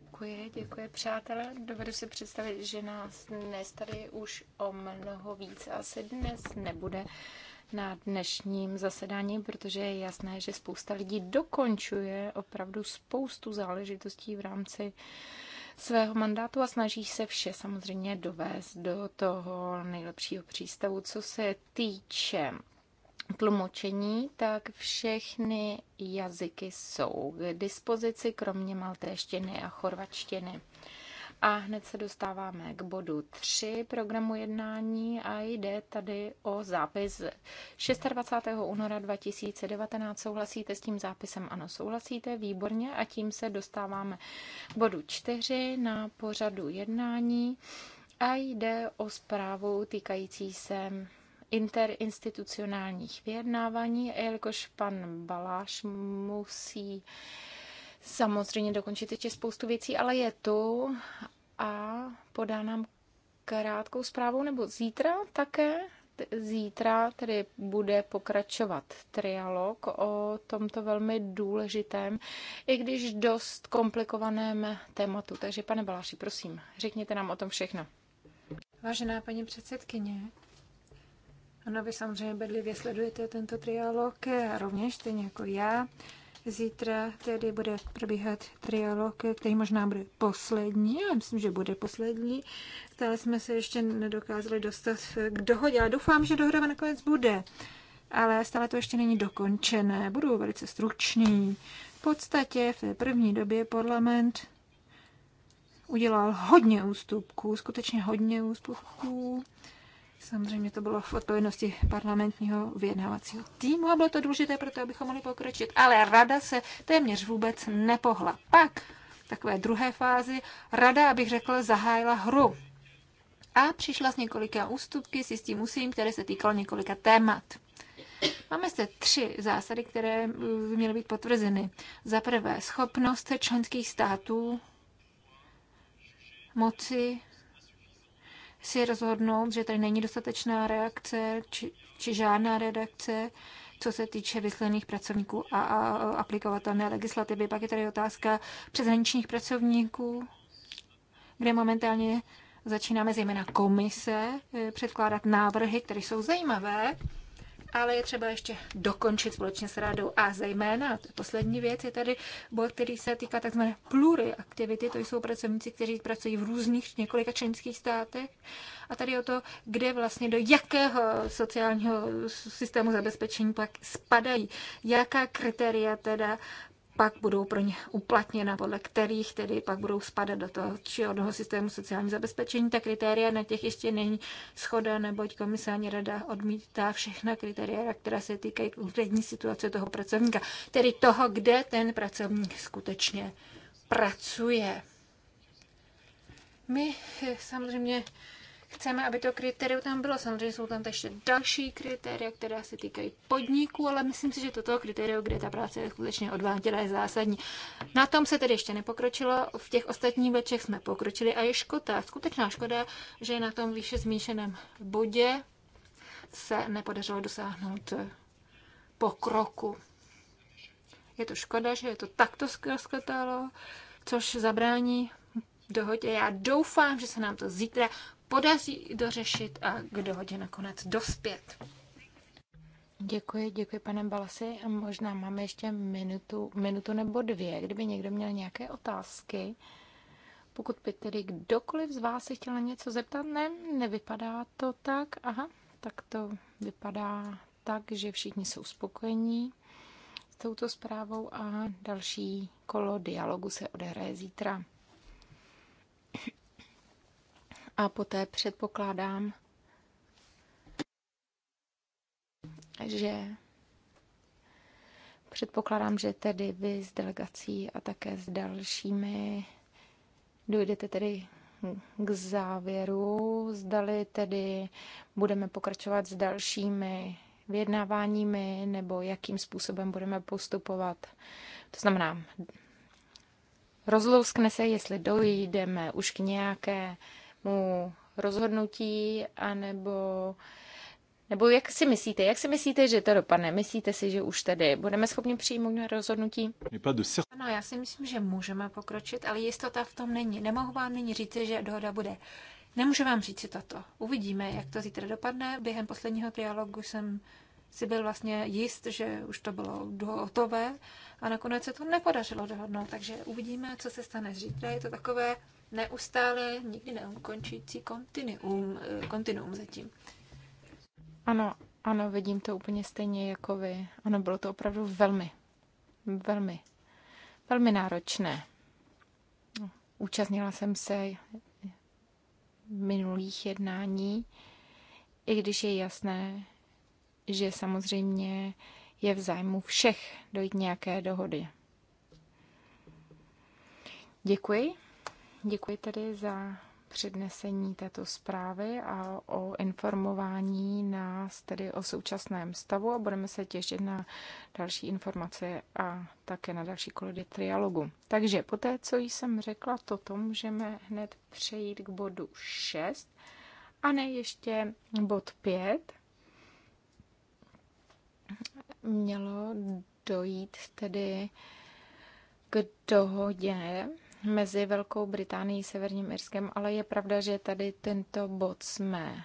Děkuji, děkuji přátelé. Dovedu si představit, že nás dnes tady už o mnoho víc asi dnes nebude na dnešním zasedání, protože je jasné, že spousta lidí dokončuje opravdu spoustu záležitostí v rámci svého mandátu a snaží se vše samozřejmě dovést do toho nejlepšího přístavu. Co se týče tlumočení, tak všechny jazyky jsou k dispozici, kromě maltéštiny a chorvačtiny. A hned se dostáváme k bodu 3 programu jednání a jde tady o zápis 26. února 2019. Souhlasíte s tím zápisem? Ano, souhlasíte, výborně. A tím se dostáváme k bodu 4 na pořadu jednání a jde o zprávu týkající se interinstitucionálních vyjednávání, jelikož pan Baláš musí samozřejmě dokončit ještě spoustu věcí, ale je tu a podá nám krátkou zprávu nebo zítra také zítra tedy bude pokračovat trialog o tomto velmi důležitém, i když dost komplikovaném tématu. Takže pane Baláši, prosím, řekněte nám o tom všechno. Vážená paní předsedkyně, ano, vy samozřejmě bedlivě sledujete tento trialog, rovněž stejně jako já. Zítra tedy bude probíhat trialog, který možná bude poslední, já myslím, že bude poslední. Stále jsme se ještě nedokázali dostat k dohodě, ale doufám, že dohoda nakonec bude. Ale stále to ještě není dokončené, budu velice stručný. V podstatě v té první době parlament udělal hodně ústupků, skutečně hodně ústupků. Samozřejmě to bylo v odpovědnosti parlamentního vyjednávacího týmu a bylo to důležité pro to, abychom mohli pokročit. Ale rada se téměř vůbec nepohla. Pak v takové druhé fázi rada, abych řekl, zahájila hru. A přišla s několika ústupky, s jistým musím, které se týkalo několika témat. Máme zde tři zásady, které by měly být potvrzeny. Za prvé, schopnost členských států moci si rozhodnout, že tady není dostatečná reakce či, či žádná redakce, co se týče vyslených pracovníků a, a aplikovatelné legislativy. Pak je tady otázka přeshraničních pracovníků, kde momentálně začínáme zejména komise eh, předkládat návrhy, které jsou zajímavé, ale je třeba ještě dokončit společně s radou. A zejména, to poslední věc je tady bod, který se týká tzv. plury aktivity, to jsou pracovníci, kteří pracují v různých několika členských státech. A tady o to, kde vlastně do jakého sociálního systému zabezpečení pak spadají, jaká kritéria teda pak budou pro ně uplatněna, podle kterých tedy pak budou spadat do toho či onoho systému sociální zabezpečení. Ta kritéria na těch ještě není schoda, neboť komisární rada odmítá všechna kritéria, která se týkají konkrétní situace toho pracovníka, tedy toho, kde ten pracovník skutečně pracuje. My eh, samozřejmě Chceme, aby to kritérium tam bylo. Samozřejmě jsou tam ještě další kritéria, která se týkají podniků, ale myslím si, že toto kritérium, kde ta práce je skutečně odváděla, je zásadní. Na tom se tedy ještě nepokročilo, v těch ostatních večech jsme pokročili a je škoda, skutečná škoda, že na tom výše zmíšeném bodě se nepodařilo dosáhnout eh, pokroku. Je to škoda, že je to takto rozkotalo, což zabrání dohodě. Já doufám, že se nám to zítra podaří dořešit a k dohodě nakonec dospět. Děkuji, děkuji pane Balasi. možná máme ještě minutu, minutu nebo dvě, kdyby někdo měl nějaké otázky. Pokud by tedy kdokoliv z vás si chtěl něco zeptat, ne, nevypadá to tak. Aha, tak to vypadá tak, že všichni jsou spokojení s touto zprávou a další kolo dialogu se odehraje zítra a poté předpokládám, že předpokládám, že tedy vy s delegací a také s dalšími dojdete tedy k závěru, zdali tedy budeme pokračovat s dalšími vyjednáváními nebo jakým způsobem budeme postupovat. To znamená, rozlouskne se, jestli dojdeme už k nějaké mu rozhodnutí, anebo nebo jak si myslíte, jak si myslíte, že to dopadne? Myslíte si, že už tedy budeme schopni přijmout rozhodnutí? Ano, já si myslím, že můžeme pokročit, ale jistota v tom není. Nemohu vám nyní říct, že dohoda bude. Nemůžu vám říct si toto. Uvidíme, jak to zítra dopadne. Během posledního trialogu jsem si byl vlastně jist, že už to bylo hotové a nakonec se to nepodařilo dohodnout. Takže uvidíme, co se stane zítra. Je to takové neustále, nikdy neukončící kontinuum, kontinuum zatím. Ano, ano, vidím to úplně stejně jako vy. Ano, bylo to opravdu velmi, velmi, velmi náročné. No, účastnila jsem se minulých jednání, i když je jasné, že samozřejmě je v zájmu všech dojít nějaké dohody. Děkuji. Děkuji tedy za přednesení této zprávy a o informování nás tedy o současném stavu a budeme se těšit na další informace a také na další kolody trialogu. Takže po té, co jsem řekla toto, můžeme hned přejít k bodu 6 a ne ještě bod 5. Mělo dojít tedy k dohodě mezi Velkou Británií a Severním Irskem, ale je pravda, že tady tento bod jsme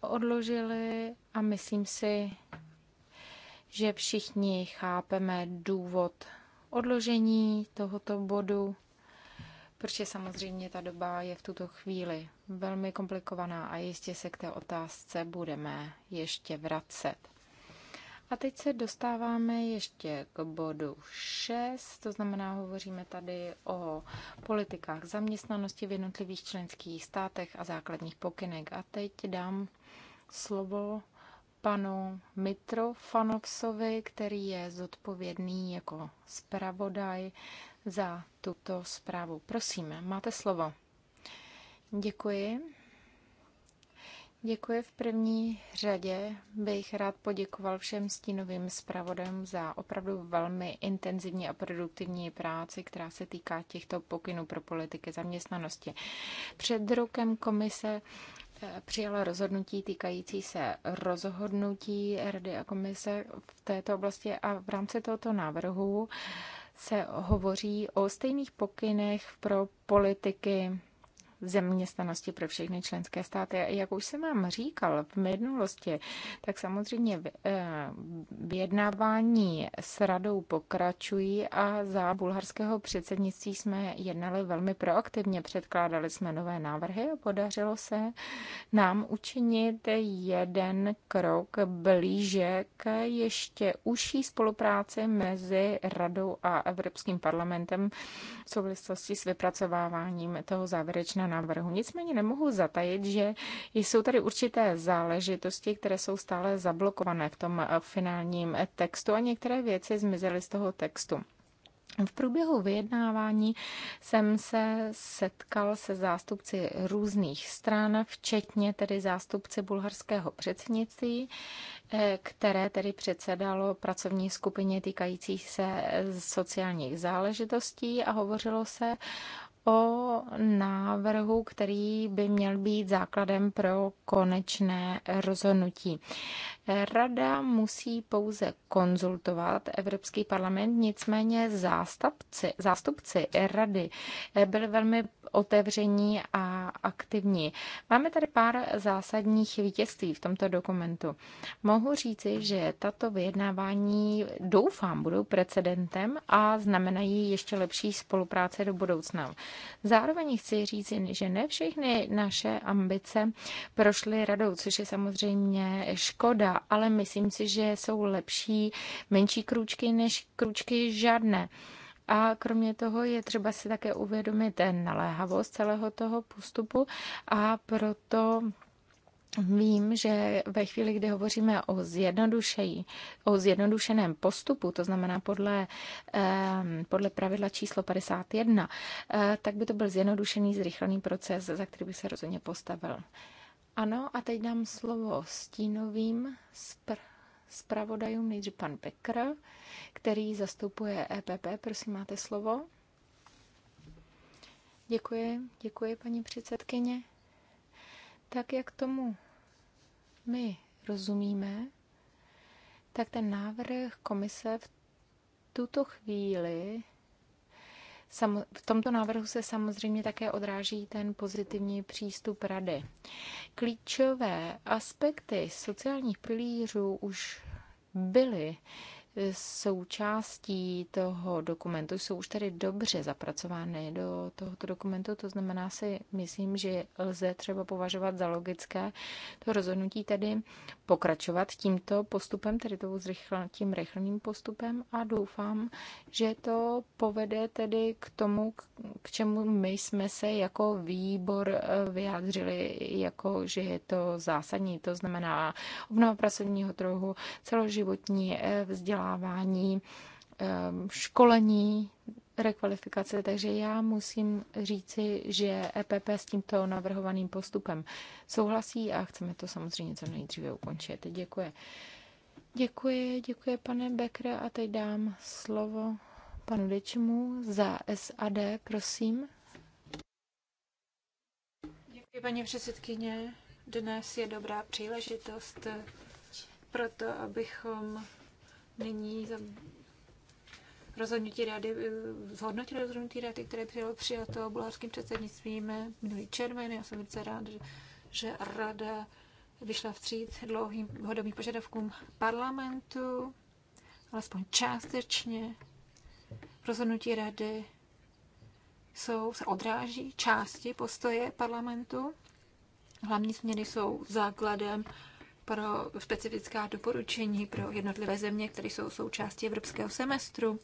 odložili a myslím si, že všichni chápeme důvod odložení tohoto bodu, protože samozřejmě ta doba je v tuto chvíli velmi komplikovaná a jistě se k té otázce budeme ještě vracet. A teď se dostáváme ještě k bodu 6, to znamená, hovoříme tady o politikách zaměstnanosti v jednotlivých členských státech a základních pokynek. A teď dám slovo panu Mitrofanovsovi, který je zodpovědný jako zpravodaj za tuto zprávu. Prosím, máte slovo. Děkuji. Děkuji. V první řadě bych rád poděkoval všem stínovým zpravodem za opravdu velmi intenzivní a produktivní práci, která se týká těchto pokynů pro politiky zaměstnanosti. Před rokem komise eh, přijala rozhodnutí týkající se rozhodnutí Rady a komise v této oblasti a v rámci tohoto návrhu se hovoří o stejných pokynech pro politiky zaměstnanosti pro všechny členské státy. A jak už jsem vám říkal v minulosti, tak samozřejmě eh, vyjednávání s radou pokračují a za bulharského předsednictví jsme jednali velmi proaktivně, předkládali jsme nové návrhy a podařilo se nám učinit jeden krok blíže k ještě užší spolupráci mezi radou a Evropským parlamentem v souvislosti s vypracováváním toho závěrečného návrhu. Nicméně nemohu zatajit, že jsou tady určité záležitosti, které jsou stále zablokované v tom eh, finálním textu a některé věci zmizely z toho textu. V průběhu vyjednávání jsem se setkal se zástupci různých stran, včetně tedy zástupci bulharského předsednictví, eh, které tedy předsedalo pracovní skupině týkající se sociálních záležitostí a hovořilo se o návrhu, který by měl být základem pro konečné rozhodnutí. Rada musí pouze konzultovat Evropský parlament, nicméně zástupci, zástupci rady eh, byli velmi otevření a aktivní. Máme tady pár zásadních vítězství v tomto dokumentu. Mohu říci, že tato vyjednávání doufám budou precedentem a znamenají ještě lepší spolupráce do budoucna. Zároveň chci říct, že ne všechny naše ambice prošly radou, což je samozřejmě škoda, ale myslím si, že jsou lepší menší krůčky než krůčky žádné. A kromě toho je třeba si také uvědomit ten naléhavost celého toho postupu a proto Vím, že ve chvíli, kdy hovoříme o, o zjednodušeném postupu, to znamená podle, eh, podle pravidla číslo 51, eh, tak by to byl zjednodušený, zrychlený proces, za který by se rozhodně postavil. Eh, ano, a teď dám slovo stínovým spr- zpravodajům, nejdřív pan Pekr, který zastupuje EPP. Prosím, máte slovo. Děkuji, děkuji, paní předsedkyně. Tak jak tomu my rozumíme, tak ten návrh komise v tuto chvíli v tomto návrhu se samozřejmě také odráží ten pozitivní přístup rady. Klíčové aspekty sociálních pilířů už byly součástí toho dokumentu jsou už tady dobře zapracovány do tohoto dokumentu, to znamená si myslím, že lze třeba považovat za logické to rozhodnutí tedy pokračovat tímto postupem, tedy tou zrychl, tím rychlým postupem a doufám, že to povede tedy k tomu, k čemu my jsme se jako výbor eh, vyjádřili, jako že je to zásadní, to znamená obnova pracovního trhu, celoživotní eh, vzdělání, vzdělávání, ehm, školení, rekvalifikace, takže já musím říci, že EPP s tímto navrhovaným postupem souhlasí a chceme to samozřejmě co nejdříve ukončit. Děkuji. Děkuji, děkuji pane Bekre a teď dám slovo panu Dečmu za SAD, prosím. Děkuji, paní předsedkyně. Dnes je dobrá příležitost pro to, abychom není za rozhodnutí rady, eh, zhodnotili rozhodnutí rady, které bylo přijato bulharským předsednictvím minulý červen. Já jsem velice rád, že, že rada vyšla vstříc dlouhým hodovým požadavkům parlamentu, alespoň částečně. Rozhodnutí rady jsou, se odráží části postoje parlamentu. Hlavní změny jsou základem pro specifická doporučení pro jednotlivé země, které jsou součástí evropského semestru.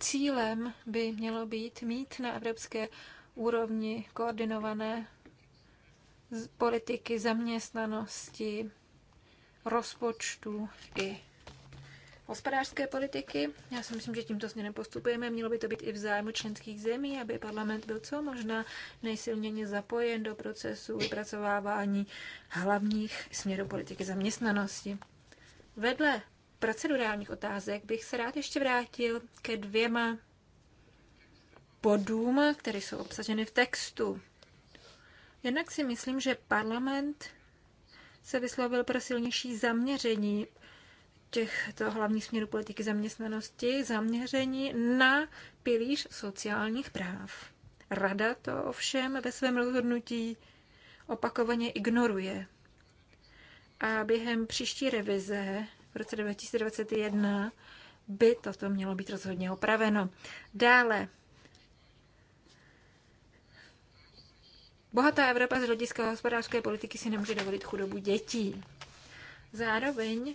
Cílem by mělo být mít na evropské úrovni koordinované politiky zaměstnanosti, rozpočtu i hospodářské politiky. Já si myslím, že tímto směrem postupujeme. Mělo by to být i v zájmu členských zemí, aby parlament byl co možná nejsilněji zapojen do procesu vypracovávání hlavních směrů politiky zaměstnanosti. Vedle procedurálních otázek bych se rád ještě vrátil ke dvěma bodům, které jsou obsaženy v textu. Jednak si myslím, že parlament se vyslovil pro silnější zaměření těchto hlavních směrů politiky zaměstnanosti zaměření na pilíř sociálních práv. Rada to ovšem ve svém rozhodnutí opakovaně ignoruje. A během příští revize v roce 2021 by toto mělo být rozhodně opraveno. Dále, bohatá Evropa z hlediska hospodářské politiky si nemůže dovolit chudobu dětí. Zároveň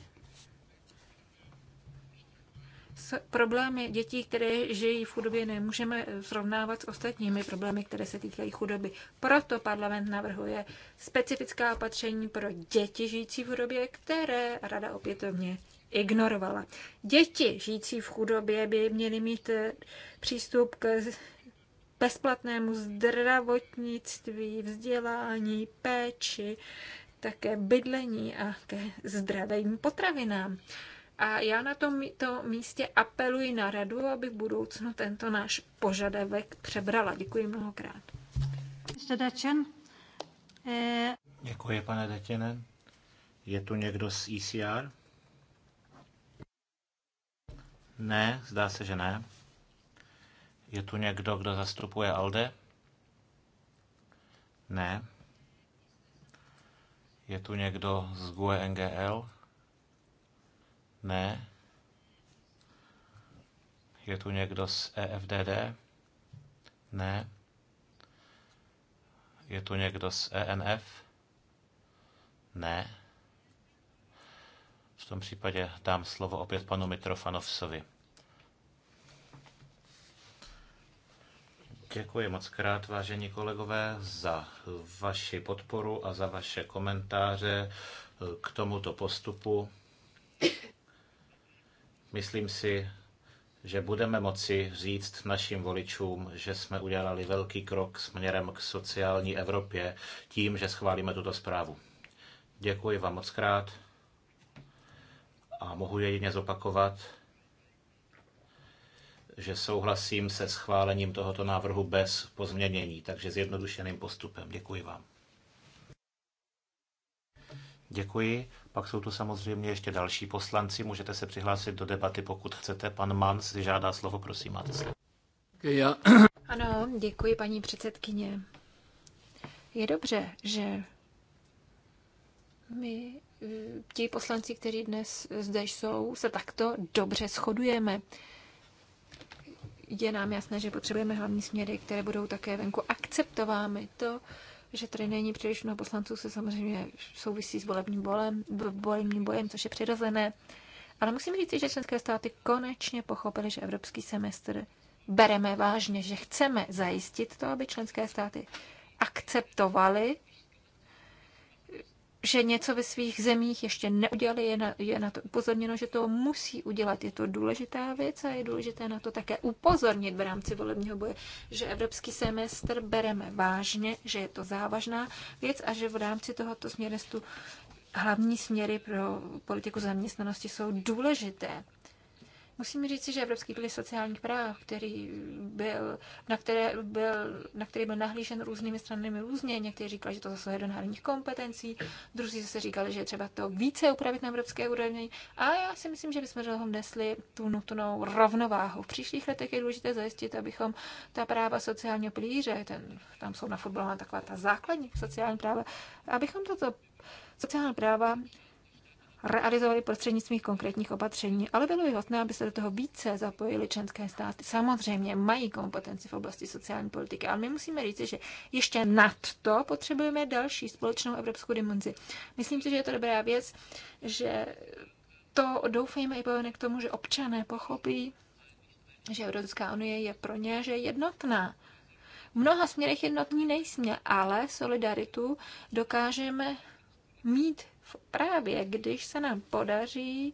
problémy dětí, které žijí v chudobě, nemůžeme srovnávat s ostatními problémy, které se týkají chudoby. Proto parlament navrhuje specifická opatření pro děti žijící v chudobě, které rada opětovně ignorovala. Děti žijící v chudobě by měly mít eh, přístup k bezplatnému zdravotnictví, vzdělání, péči, také bydlení a ke zdravým potravinám. A já na tomto místě apeluji na radu, aby v budoucnu tento náš požadavek přebrala. Děkuji mnohokrát. Eh, Děkuji, pane Detěne. Je tu někdo z ECR? Ne, zdá se, že ne. Je tu někdo, kdo zastupuje ALDE? Ne. Je tu někdo z GUE NGL? Ne. Je tu někdo z EFDD? Ne. Je tu někdo z ENF? Ne. V tom případě dám slovo opět panu Mitrofanovsovi. Děkuji moc krát, vážení kolegové, za vaši podporu a za vaše komentáře k tomuto postupu. Myslím si, že budeme moci říct našim voličům, že jsme udělali velký krok směrem k sociální Evropě tím, že schválíme tuto zprávu. Děkuji vám moc krát a mohu jedině zopakovat, že souhlasím se schválením tohoto návrhu bez pozměnění, takže zjednodušeným postupem. Děkuji vám. Děkuji pak jsou tu samozřejmě ještě další poslanci. Můžete se přihlásit do debaty, pokud chcete. Pan Mann si žádá slovo, prosím, máte slovo. Já. Ano, děkuji, paní předsedkyně. Je dobře, že my, ti poslanci, kteří dnes zde jsou, se takto dobře shodujeme. Je nám jasné, že potřebujeme hlavní směry, které budou také venku akceptovány. To že tady není příliš mnoho poslanců, se samozřejmě souvisí s volebním bolem, volebním bojem, což je přirozené. Ale musím říct, že členské státy konečně pochopily, že evropský semestr bereme vážně, že chceme zajistit to, aby členské státy akceptovaly že něco ve svých zemích ještě neudělali, je na, je na to upozorněno, že to musí udělat. Je to důležitá věc a je důležité na to také upozornit v rámci volebního boje, že evropský semestr bereme vážně, že je to závažná věc a že v rámci tohoto směrestu hlavní směry pro politiku zaměstnanosti jsou důležité. Musím říct, že Evropský pilíř sociálních práv, který byl, na, které byl, na který byl nahlížen různými stranami různě, někteří říkali, že to zasahuje do národních kompetencí, druzí zase říkali, že je třeba to více upravit na evropské úrovni. A já si myslím, že bychom dlouho nesli tu nutnou rovnováhu. V příštích letech je důležité zajistit, abychom ta práva sociálního pilíře, ten, tam jsou na fotbalu taková ta základní sociální práva, abychom toto sociální práva Realizovali prostřednictvím konkrétních opatření, ale bylo by hodné, aby se do toho více zapojili členské státy. Samozřejmě mají kompetenci v oblasti sociální politiky, ale my musíme říct, že ještě nad to potřebujeme další společnou evropskou dimenzi. Myslím si, že je to dobrá věc, že to doufejme i povede k tomu, že občané pochopí, že Evropská unie je pro ně, že je jednotná. V mnoha směrech jednotní nejsme, ale solidaritu dokážeme mít právě když se nám podaří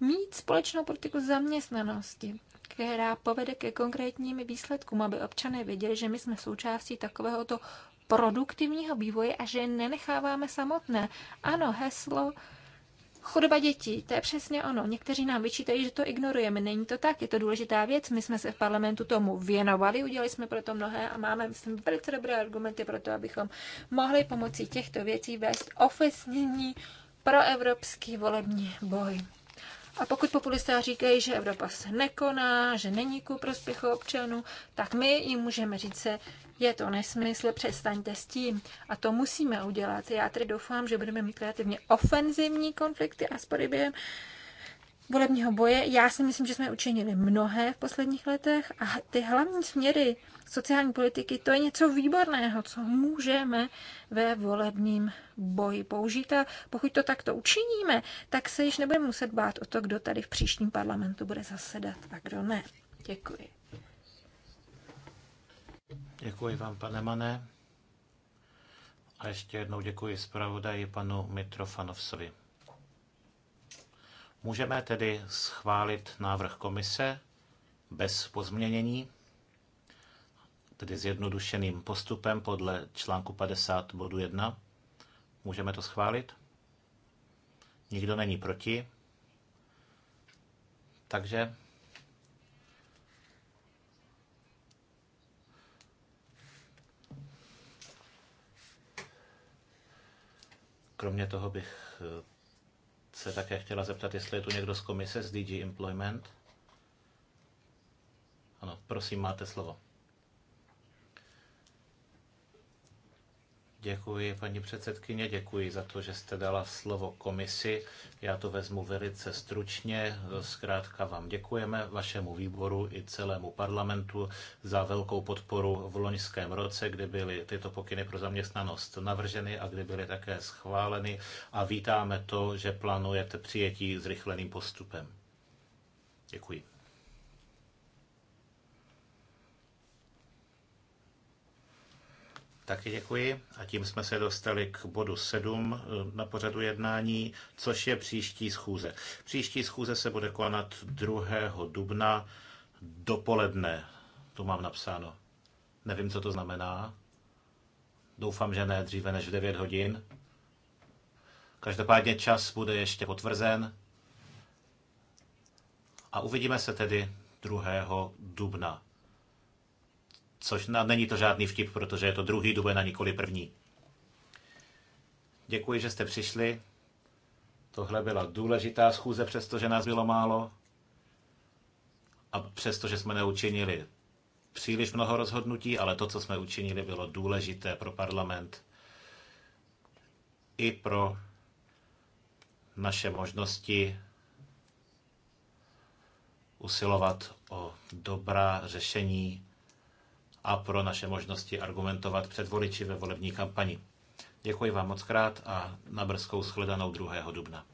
mít společnou politiku zaměstnanosti, která povede ke konkrétním výsledkům, aby občané věděli, že my jsme součástí takovéhoto produktivního vývoje a že je nenecháváme samotné. Ano, heslo Chudoba dětí, to je přesně ono. Někteří nám vyčítají, že to ignorujeme. Není to tak, je to důležitá věc. My jsme se v parlamentu tomu věnovali, udělali jsme pro to mnohé a máme, myslím, velice dobré argumenty pro to, abychom mohli pomocí těchto věcí vést ofesnění pro evropský volební boj. A pokud populisté říkají, že Evropa se nekoná, že není ku prospěchu občanů, tak my jim můžeme říct, se, je to nesmysl, přestaňte s tím. A to musíme udělat. Já tedy doufám, že budeme mít kreativně ofenzivní konflikty a spory během volebního boje. Já si myslím, že jsme učinili mnohé v posledních letech a ty hlavní směry sociální politiky, to je něco výborného, co můžeme ve volebním boji použít a pokud to takto učiníme, tak se již nebudeme muset bát o to, kdo tady v příštím parlamentu bude zasedat a kdo ne. Děkuji. Děkuji vám, pane Mané. A ještě jednou děkuji zpravodaji panu Mitrofanovsovi. Můžeme tedy schválit návrh komise bez pozměnění, tedy zjednodušeným postupem podle článku 50 bodu 1. Můžeme to schválit? Nikdo není proti. Takže kromě toho bych eh, se také chtěla zeptat, jestli je tu někdo z komise z DG Employment. Ano, prosím, máte slovo. Děkuji, paní předsedkyně, děkuji za to, že jste dala slovo komisi. Já to vezmu velice stručně. Zkrátka vám děkujeme, vašemu výboru i celému parlamentu za velkou podporu v loňském roce, kdy byly tyto pokyny pro zaměstnanost navrženy a kdy byly také schváleny. A vítáme to, že plánujete přijetí zrychleným postupem. Děkuji. Taky děkuji a tím jsme se dostali k bodu 7 eh, na pořadu jednání, což je příští schůze. Příští schůze se bude konat 2. dubna dopoledne. To mám napsáno. Nevím, co to znamená. Doufám, že ne dříve než v 9 hodin. Každopádně čas bude ještě potvrzen. A uvidíme se tedy 2. dubna. Což na, není to žádný vtip, protože je to druhý duben a nikoli první. Děkuji, že jste přišli. Tohle byla důležitá schůze, přestože nás bylo málo a přestože jsme neučinili příliš mnoho rozhodnutí, ale to, co jsme učinili, bylo důležité pro parlament i pro naše možnosti usilovat o dobrá řešení a pro naše možnosti argumentovat před voliči ve volební kampani. Děkuji vám moc krát a na brzkou shledanou 2. dubna.